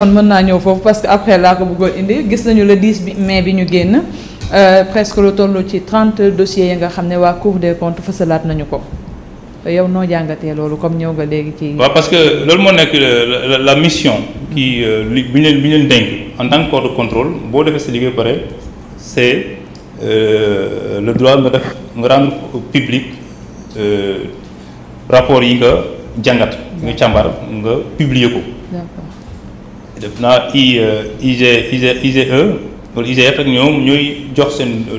kon mën naa ñëw foofu parce que après laa ko bëggoon indi gis nañu le 10 mais bi ñu génn euh, presque lu toll ci trente dossiers yi nga xam ne waa de des comptes fësalaat nañu ko yow noo jàngatee loolu comme ñëw nga léegi ci. waaw parce que loolu moo nekk la mission. kii euh, li bi ñu leen bi dénk en tant que corps de contrôle boo defee sa liggéey pare c' est euh, le droit nga def nga rendre public rapport yi nga jàngat. nga càmbar nga publier ko. def naa I euh, IG IGE wala IGF e ak ñoom ñooy jox seen euh,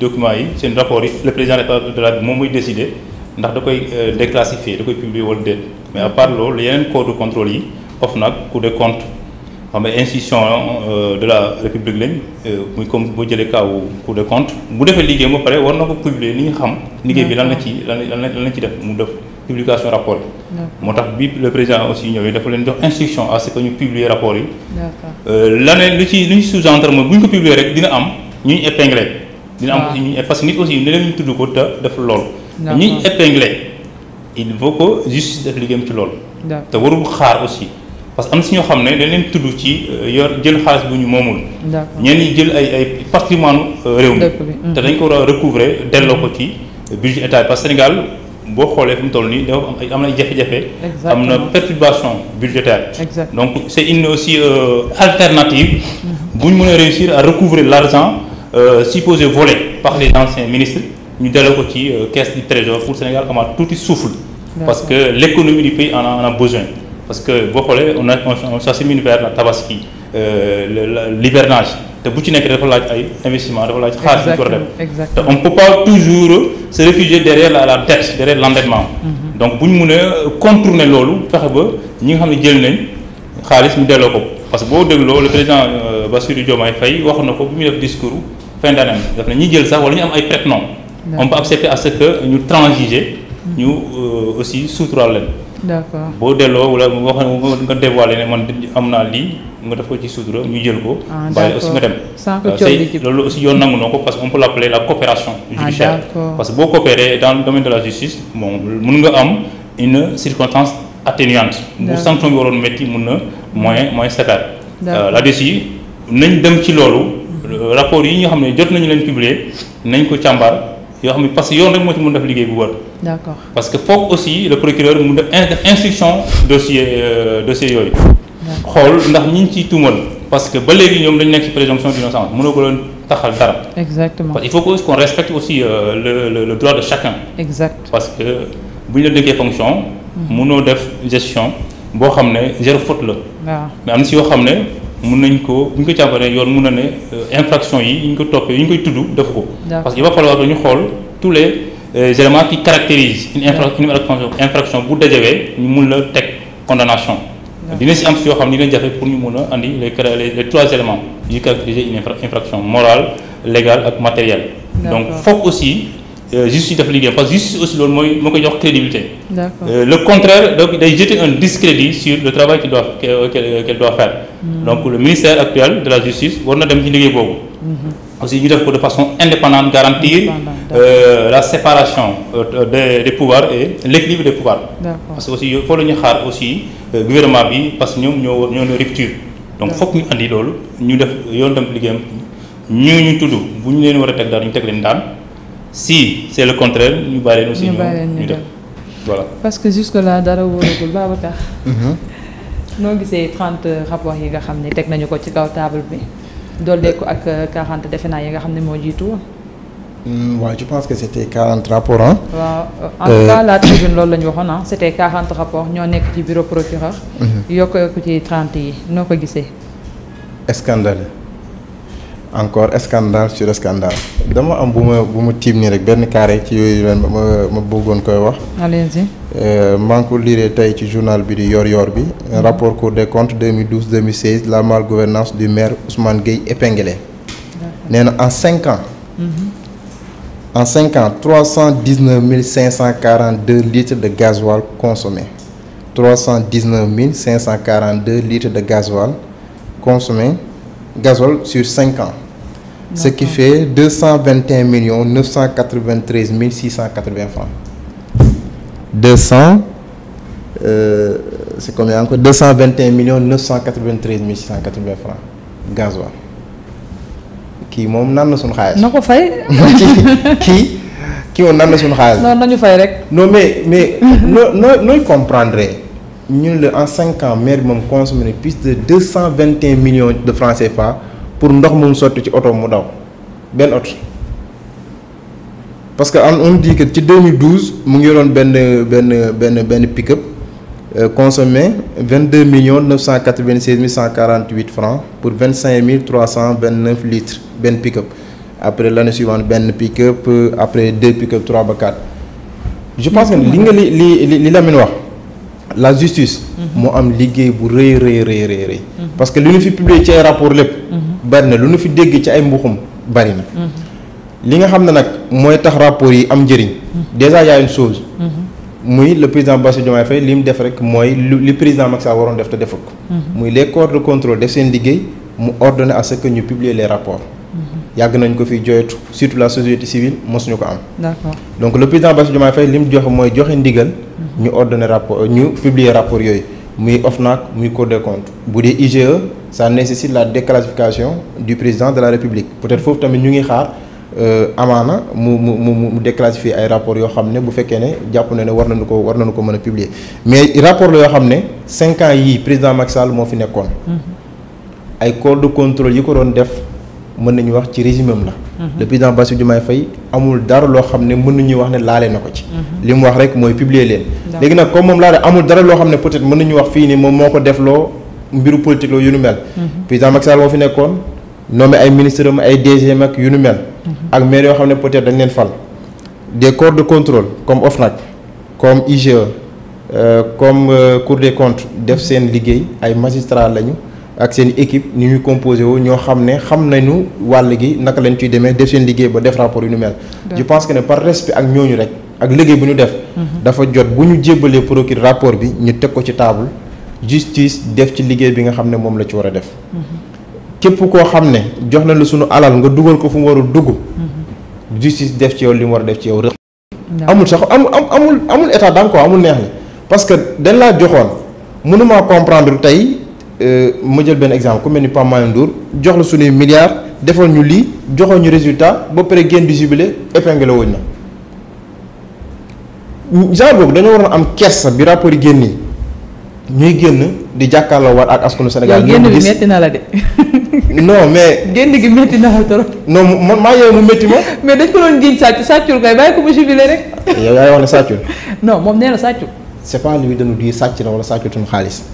documents yi seen rapport yi le président de la moom mooy décidé ndax da koy euh, déclassifier da koy publie wala déet mais à part loolu yeneen corps de contrôle yi OFNAC Cour des comptes xam nga institution de la république lañ muy comme boo jëlee kaw Cour des comptes bu defee liggéey ba pare war na ko publier ni ñu xam liggéey bi lan na ci lan la lan la ci def mu def publication rapport yi moo tax bi le président aussi ñëwee dafa leen jox instruction à ce que ñu publier rapport yi euh, lanee lu ci lu ñu sous-entendre mooy bu ñu ko publier rek dina am ñu ñu épinglé dina am ah. aussi nit aussi ne leen tudd ko def loolu ñu épinglé il faut que justice def liggéeyam ci loolu te warul xaar aussi parce que am si ñoo xam ne leen tudd ci euh, jël xaalis bu ñu moomul ñenn ñi jël ay ay patrimoine euh, réew mi mm. te dañ ko a recouvrer delloo ko boo xoolee fi mu toll nii dafa am ay am na ay jafe-jafe. am na perturbation budgétaire. donc c' est une aussi euh, alternative. Mm-hmm. bu ñu mën a réussir à recouvrer l' argent euh, supposé volé par les anciens ministres ñu delloo ko ci euh, caisse du trésor pour Sénégal amaat tuuti souffle. parce que l' économie du pays en a besoin. parce que boo xoolee on a on s'achemine vers la tabaski l'hivernage te bu ci nekk dafa laaj ay investissement dafa laaj xaalis bi ko war a def te on peut pas toujours se réfugier derrière la la dette derrière l'endettement mm-hmm. donc bu ñu mun a contourner loolu fexe ba ñi nga xam ne jël nañ xaalis ñu delloo ko parce que boo dégloo le président euh, Bassirou Diomaye Faye wax na ko bu ñu def discours fin d'année daf na ñi jël sax wala ñu am ay traitement on peut accepter à ce que ñu transiger ñu euh, aussi suuturaal leen. d'accord boo delloo wala nga wax nga dévoilé ne man am naa lii nga def ko ci suutura ñu jël ko. ah bàyyi aussi nga dem. sans que loolu aussi yoon nangu na ko parce que on peut l'appeler la coopération. Ah, judiciaire parce que boo coopéré dans le domaine de la justice nga am une circonstance bu sanction bi waroon métti mën na moins moins sévère. Euh, là-dessus nañ dem ci loolu. Euh, rapport yi nga xam ne jot nañu leen publier nañ ko càmbar yoo xam ne parce que yoon rek moo ci mën def liggéey bu wër. d'accord parce que foog aussi le procureur mu def instruction dossier euh, dossier yooyu. xool ndax ñi ñu ciy tuumal parce que ba léegi ñoom dañu nekk ci présomption d'innocence mënoo ko leen taxal dara. exactement parce que il faut euh, le le le droit de chacun. exact parce bu ñu la dénkee fonction. Hmm. noo def gestion boo xam ne zéro faute la. waaw mais am na si yoo xam ne mun nañ ko bu ko càmbaree yoon mun na ne euh, infraction yi ñu ko toppee yi ñu koy tudd def ko. parce que il va falloir ñu xool éléments euh, qui caractérisent une infraction infraction bu dajawee ñu mun la teg condamnation dina si am si yoo xam ni leen jafe pour ñu mun a indi les les trois éléments yu caractériser une infraction morale légale ak matérielle donc foog aussi euh, justice dafa liggéey parce que justice loolu mooy moo koy jox crédibilité euh, le contraire donc day jeter un discrédit sur le travail qu'il doit qu'elle mm-hmm. donc le ministère actuel de la justice war na dem ci liggéey boobu mm-hmm. aussi ñu def ko de façon indépendante garantir euh, la séparation euh, des des pouvoirs et l'équilibre des pouvoirs parce que aussi foo la ñu xaar aussi euh, gouvernement bi parce que ñoom ñoo ñoo ne rupture donc foog ñu andi loolu ñu def yoon dem liggéeyam ñu ñu tudd bu ñu leen war a teg daal ñu teg leen daan si c'est le contraire ñu bàyyi leen aussi ñu def parce que jusque là dara wóoragul Babacar mhm. noo gisee 30 euh, rapports yi nga xam ne teg nañu ko ci kaw table bi ko ak 40 euh, defe naa yi nga xam ne moo jiitu woon. Hmm, waaw je pense que c' était 40 rapports ah. waaw en euh, tout cas la loolu la ñu waxoon ah c' était 40 rapports ñoo nekk ci bureau procureur. Mhm. yokk ko ci trente yi noo ko gisee. scandale. encore scandale sur scandale dama am bu ma bu ma tiim nii rek benn carré ci leen ma ma bëggoon koy wax. allez-y. Euh, maa ngi tey ci journal bi di yor-yor bi mm-hmm. rapport Cour des comptes 2012 2016 la malgouvernance du maire Ousmane Gueye épinglé. nee na en cinq ans. Mm-hmm. en cinq ans trois cent dix neuf mille cinq cent quarante deux litres de gasoil consommé trois cent dix neuf mille cinq cent quarante deux litres de gasoil consommé. gazole sur cinq ans. ce qui fait deux cent vingt et un millions neuf cent quatre vingt treize mille six cent quatre vingt francs. deux cent euh, c'est combien encore deux cent vingt et un millions neuf cent quatre vingt treize mille six cent quatre vingt francs gasoil kii moom naan na suñu xaalis. na ko fay. kii kii moom naan na suñu xaalis. non nañu fay rek. non mais mais noo noo nooy comprendre. ñun la en cinq maire bi moom consommé na plus de deux cent de francs CFA pour ndox moom sotti ci oto mu daw benn oto parce que on dit que ci 2012 mu ngi yoroon benn benn benn benn pick-up euh, consommé vingt deux millions neuf cent quatre vingt seize mille cent quarante huit francs pour vingt cinq mille trois cent vingt neuf litres benn pick-up après l'année suivante benn pick-up après deux pick-up trois ba quatre. je pense que li nga li li li Lamine wax. la justice. Mhm. moo am liggéey bu rëy rëy rëy mhm. parce que li ñu fi publier ci ay rapport lépp. Mhm. bari na lu ñu fi dégg ci ay mbuxum bari na. li nga xam ne nag mooy tax rapport yi am njëriñ. déjà y a une chose. muy le président Bassirou Diomaye Faye li mu def rek mooy lu li président Macky Sall waroon def te deful ko. muy les corps de contrôle def seen liggéey mu ordonné à ce que publier les rapport yàgg nañ ko fi joyetu surtout la société civile mosuñu ko am. d'accord donc le président Bassirou Diomaye Faye li mu joxe mooy joxe ndigal. ñu ordonné rapport ñu publier rapport yooyu muy OFNAC muy Cour des comptes bu dee IGE ça nécessite la déclassification du président de la République peut-être foofu tamit ñu ngi xaar. Euh, amaana mu mu mu mu déclassifier ay rapports yoo xam ne bu fekkee ne jàpp na ne war nañu ko war nañu ko mën a publier mais rapport la yoo xam ne cinq yii président Macky Sall moo fi nekkoon. Mhm. ay yi ko doon def. mën nañu wax ci régime am la. Mhm. le président Bassirou Diomaye Faye amul dara loo xam ne mën nañu wax ne laale na ko ci. Mhm. li mu wax rek mooy publier leen. léegi nag comme moom laale amul dara loo xam ne peut-être mën nañu wax fii ni moom moo ko def loo mbiru politique loo yu nu mel. Mhm. président Macky Sall moo fi nekkoon nommé ay ministres am ay DG am ak yu nu mel. ak maire yoo xam ne peut-être dañ leen fal. des corps de contrôle comme OFNAC comme IGE euh, comme euh, Cour des comptes def seen liggéey ay magistrats lañu. ak seen équipe ni ñu composé woo ñoo xam ne xam nañu wàll gi naka lañ ciy demee def seen liggéey ba def rapport yu nu mel. je pense que ne par respect ak ñooñu rek ak liggéey bu ñu def. Mhm. dafa jot bu ñu jébbalee procureur rapport bi ñu teg ko ci table justice def ci liggéey bi nga xam ne moom la ci war a def. Mhm. képp koo xam ne jox na la suñu alal nga dugal ko fu mu warul dugg. Mhm. justice def ci yow li mu war a def ci yow rëq. amul sax amul amul amul état d'âme quoi amul neex la parce que dañ laa joxoon mënuma comprendre tey. Euh, ma jël benn exemple ku mel ni Pape Malick Ndour jox la suñuy milliards defal ñu lii joxoon ñu résultat ba pare génn di jubilé épinglé wuñ na genre boobu dañoo waroon am kersa bi rapport yi génn ñuy génn di jàkkaarloo war ak askanu Sénégal. génn gi metti na la de. non mais. génn gi metti na la trop. non man maa yooyu mu metti ma. mais dañ ko doon jiiñ sàcc sàccul kay bàyyi ko mu jubilé rek. yaa wax ne sàccul. non moom nee na sàccul. c'est pas lui dañu wala sàccutuñu xaalis.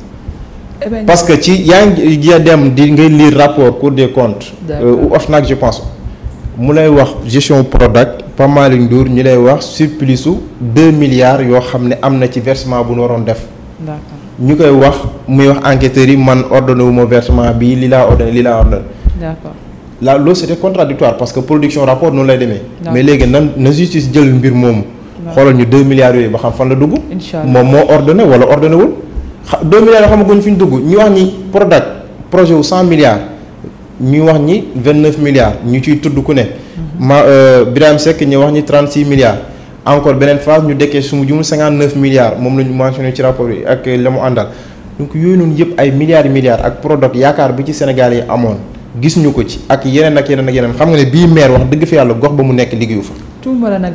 Eh parce que ci yaa ngi dem di ngay lii rapport Cour des comptes. Euh, ou OFNAC je pense. mu lay wax gestion Prodac Pape Malick Ndour ñu lay wax surplus su 2 milliards yoo xam ne am na ci versement bu nu waroon def. ñu koy wax muy wax enquêteurs yi man ordonné wu ma versement bi li laa ordonné li laa ordonné. d'accord la loolu contradictoire parce que production rapport noonu lay demee. mais léegi nan na justice jël mbir moomu. xoolal ñu deux milliards yooyu ba xam fan la dugg. moom moo ordonné wala ordonné wul. xa 2 milliards yoo xamaguñ fi ñu dugg ñu wax ni Prodac projet wu 100 milliards ñu wax ni 29 milliards ñu ciy tudd ku ne. Mm-hmm. ma euh, Birame Seck ñu wax ni 36 milliards. encore beneen phase ñu dekkee su mu jumul 59 milliards moom la ñu mentionné ci rapport yi ak la mu àndal donc yooyu noonu yëpp ay milliards milliards ak Prodac yaakaar bi ci Sénégal yi amoon. gis ñu ko ci ak yeneen ak yeneen ak yeneen xam nga ne bii maire wax dëgg fi yàlla gox ba mu nekk liggéeyu fa. tuuma la nag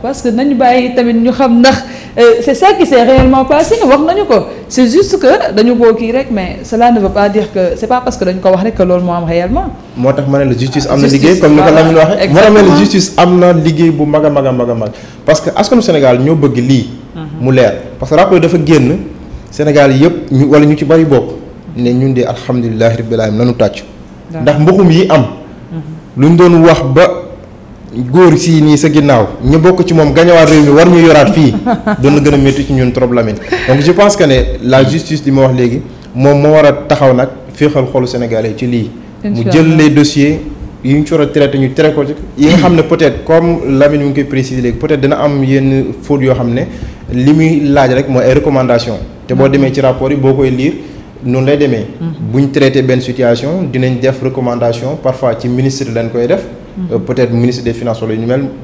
parce que nañu bàyyi tamit ñu xam ndax euh, c'est ça qui s'est réellement wax nañu ko c'est juste que dañu koo kii rek mais cela ne veut pas dire que c'est pas parce que dañu ko wax rek loolu moo am réellement. moo tax ma ne la justice am na liggéey comme ni ko Lamine waxee. exactement moo justice am na liggéey bu mag a mag a mag a mag parce que ndax mbuxum yi am mhm. lu ñu doon wax ba góor sii nii sa ginnaaw ñu bokk ci moom gañawaat réew mi war ñu yoraat fii doon gën a métti ci ñun trop Lamine donc je pense que ne la justice li ma wax léegi moom moo war a taxaw nag féexal xolu sénégalais ci lii mu jël les dossiers yi ñu ci war a traité ñu traité yi nga xam ne peut-être comme Lamine mu ngi koy préciser léegi peut dina am yenn fautes yoo xam ne li muy laaj rek mooy ay recommandation te boo mhm. demee ci rapport yi boo koy lire noonu lay demee. Mm. bu ñu traité benn situation dinañ def recommandation parfois ci ministre lañ koy def. Mm. Euh, peut-être ministre des finance wala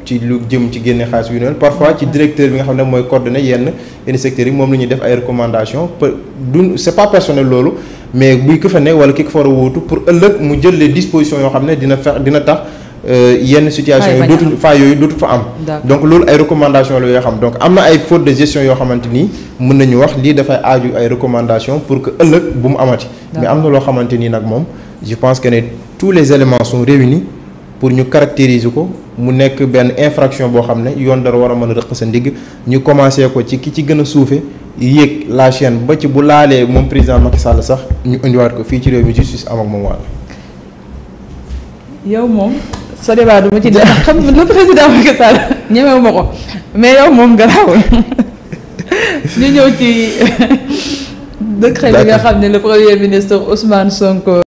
ci lu jëm ci génne xaalis yu ñu mel parfois ci directeur bi nga xam ne mooy coordonné yenn yenn secteurs yi moom la ñuy def ay recommandations peut du c'est pas personnel loolu mais buy ko fa ne wala ki ko fa war a wóotu pour ëllëg mu jële les dispositions yoo xam ne dina fex dina tax. Euh, yenn situation yi dootul faa yooyu dootul fa am donc loolu ay recommandation la yoo xam donc am na ay faute de gestion yoo xamante nii mën nañu wax lii dafay aaju ay recommandation pour que ëllëg bu mu amati mais am na loo xamante nii nag moom je pense que ne tous les éléments sont réunis pour ñu caractériser ko mu nekk benn infraction boo xam ne yoon dara war a mën a rëq sa ndigg ñu commencé ko ci ki ci gën a suufe yéeg la chaine bëcc bu laalee moom président Macky Sall sax ñu indiwaat ko fii ci réew mi justice am ak moom wàll yow sa débat du ma ci def xam nga le président Macky Sall ñemewu ma ko mais yow moom garaawul ñu ñëw ci décret bi nga xam ne le premier ministre Ousmane Sonko.